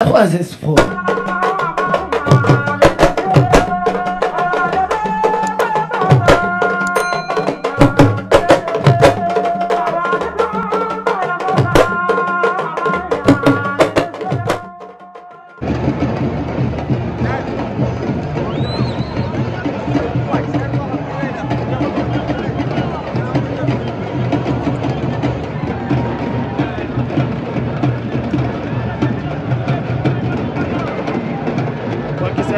That was his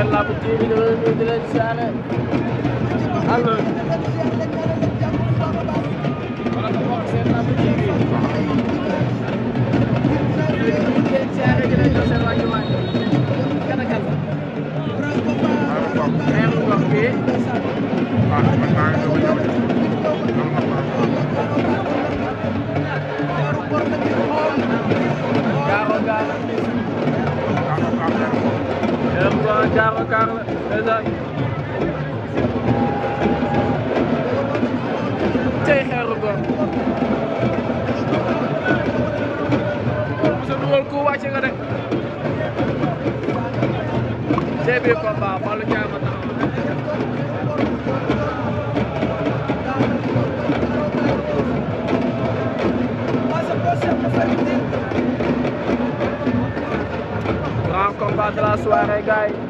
Sen Lamb TV dama leen nuyu di leen saane allo Sen Lamb TV Waaw man maa ngi doon caaro kaar la ndeysaan tey xeeru góor sa dugal ku wàcce nga de tey bii combat Fallou Ndiaye ma taxaw Grand combat de la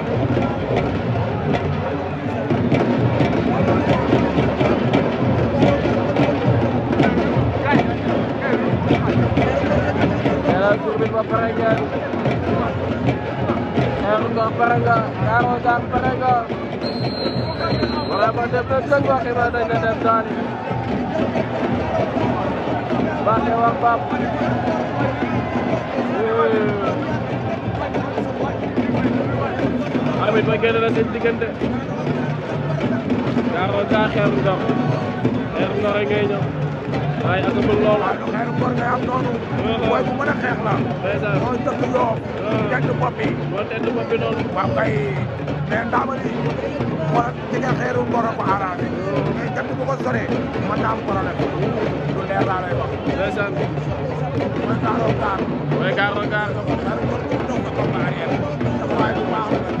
Ergo Paranga Daro Dang Paranga Berapa depan tengok Imana Nadab Zari Pakai wapap Amit bagian dari sini kende Daro Dang Ergo Ergo Rengenyo waaye ak mën lool xeetu góor ngay am noonu mooy bu mën a xeex la mooy dëkk yoo tedd bopp yi mooy tedd bopp yi noonu waaw kay mais ndaama li war a jege xeeru góor a ko arrangé mais jant bu ko soree mën naa am problème lu leer laa lay wax ndeysaan mooy gaaroo gaar mooy gaaroo gaar xeetu góor bu ñëw nga comme arrière waaye bu baax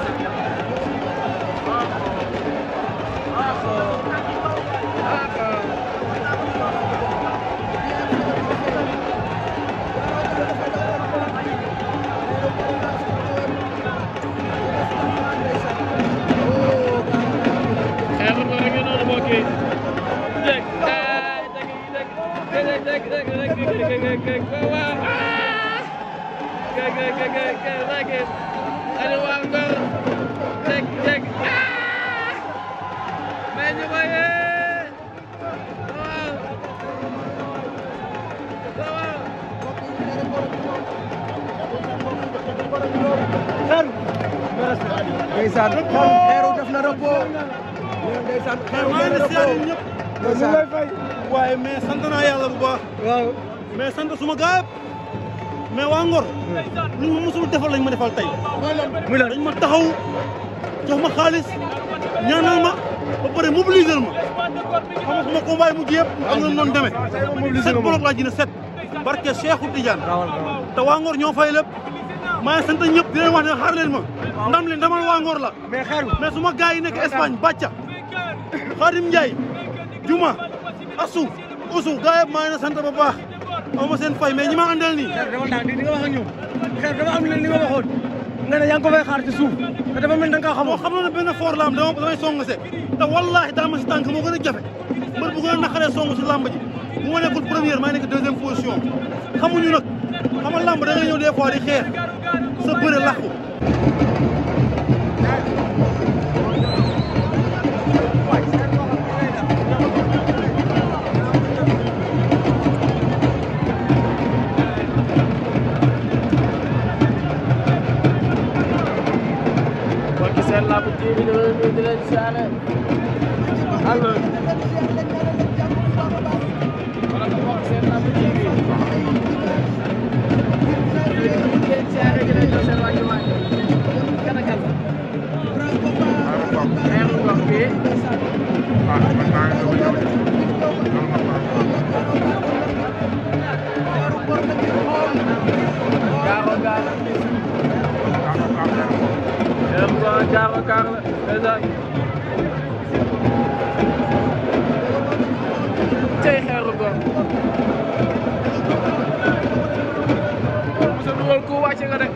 like it. I naa yàlla bu baax waaw mais sant suma gaab waa Ngor lu ñu musul defal lañ ma defal tey muy la dañ ma taxaw jox ma xaalis ñaanal ma ba pare mobiliser ma xam nga sama combat yi mujj yëpp am na noonu demee set bloc laa jina set barke Cheikhou Tidiane te waa Ngor ñoo fay lépp maa ngi sant ñëpp di leen wax ne xaar leen ma ndam leen damal waa Ngor la mais suma gars yi nekk Espagne bàcca Khadim Ndiaye Juma Assou Oussou gars yëpp maa ngi sant ba baax aw ma seen fay mais ñi ma àndal nii. Cheikh dama daal di nga wax ak ñoom Cheikh nga ne yaa ngi ko suuf te dafa mel da nga kaa xamoo. xam na ne benn foor la am dama damay song se te wallaahi daa ma si tànk moo gën a jafe mbër bu gën a naqaree song si làmb ji bu ma nekkul première maa nekk deuxième position xamuñu nag xam nga làmb da ngay ñëw des fois sa bëre laxu Sen Lamb TV bi dama nuyu di leen siyaare alors wala ko wax Sen Lamb TV di leen siyaare di leen jox seen wàññi wàññi kan ak kan meeru gox bi waa Jaara Kaar la ndeysaan cey xeeru góor bu sa dugal ku wàcce nga de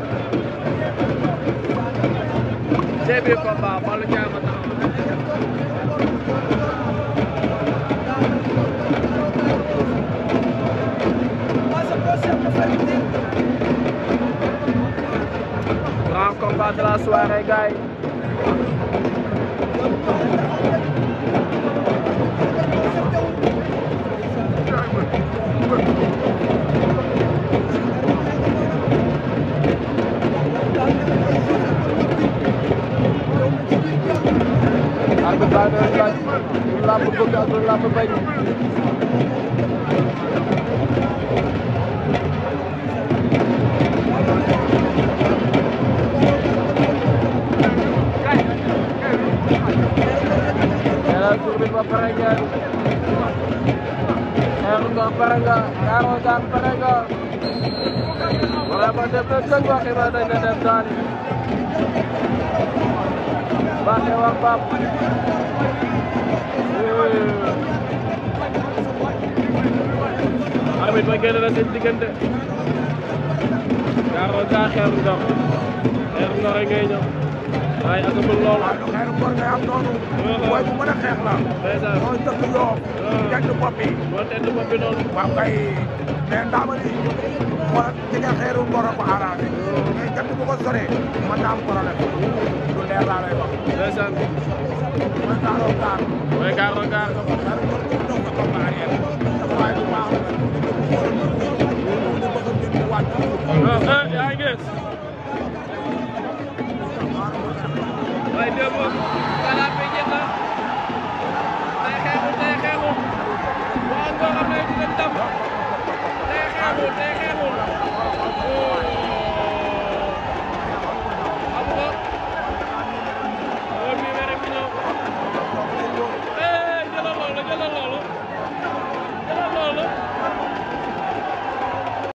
cey bi combat de la soirée gars yi Alba Ba la bëgg ak la bëgg Paranga Erdogan Paranga Erdogan Paranga Wala ba def na sëñ waxi ba dañ na def daal Baaxe wax bab Arbitre ba génn na seen diggante Erdogan Erdogan Erdogan ngay ñëw waaye ak ëppal lool xeeru góor ngay am noonu mooy bu mën a xeex la mooy dëkk yoo tedd bopp yi mooy tedd bopp yi noonu waaw kay mais ndaama li xool jege xeeru góor a ko arrangé mais jant bu ko soree mën naa am problème lu leer laa lay wax ndeysaan mooy gaaroo gaar mooy gaaroo gaar xeeru góor bu ñëw nga toog arrière waaye bu baax